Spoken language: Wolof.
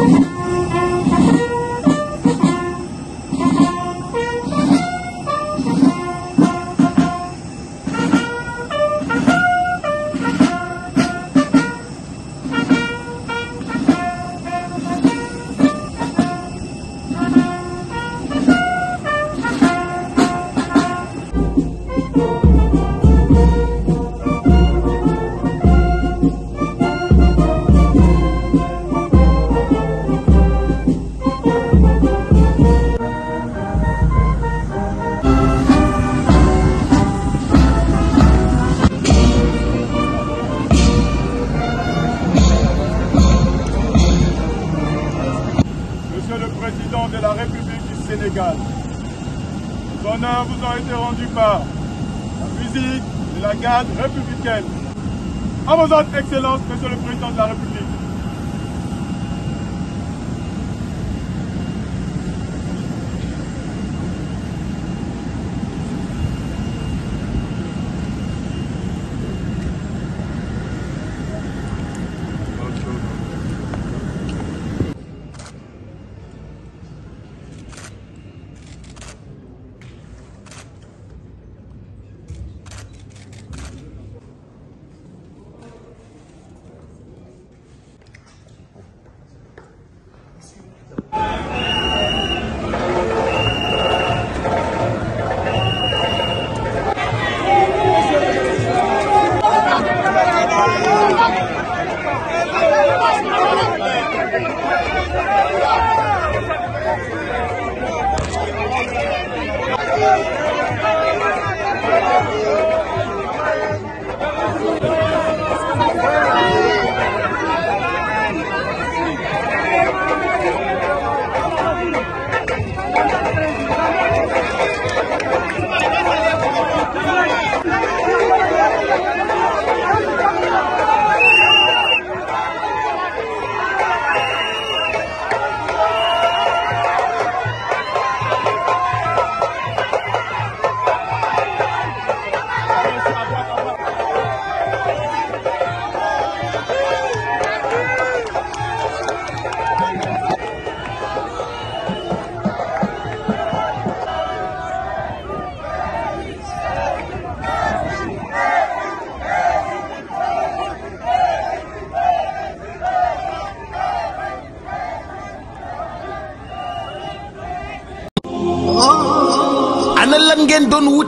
Thank you. Sénégal. Son œuvre vous a été rendue par la musique de la garde républicaine. À vos autres excellences, Monsieur le Président de la République. sallam ngeen doon wut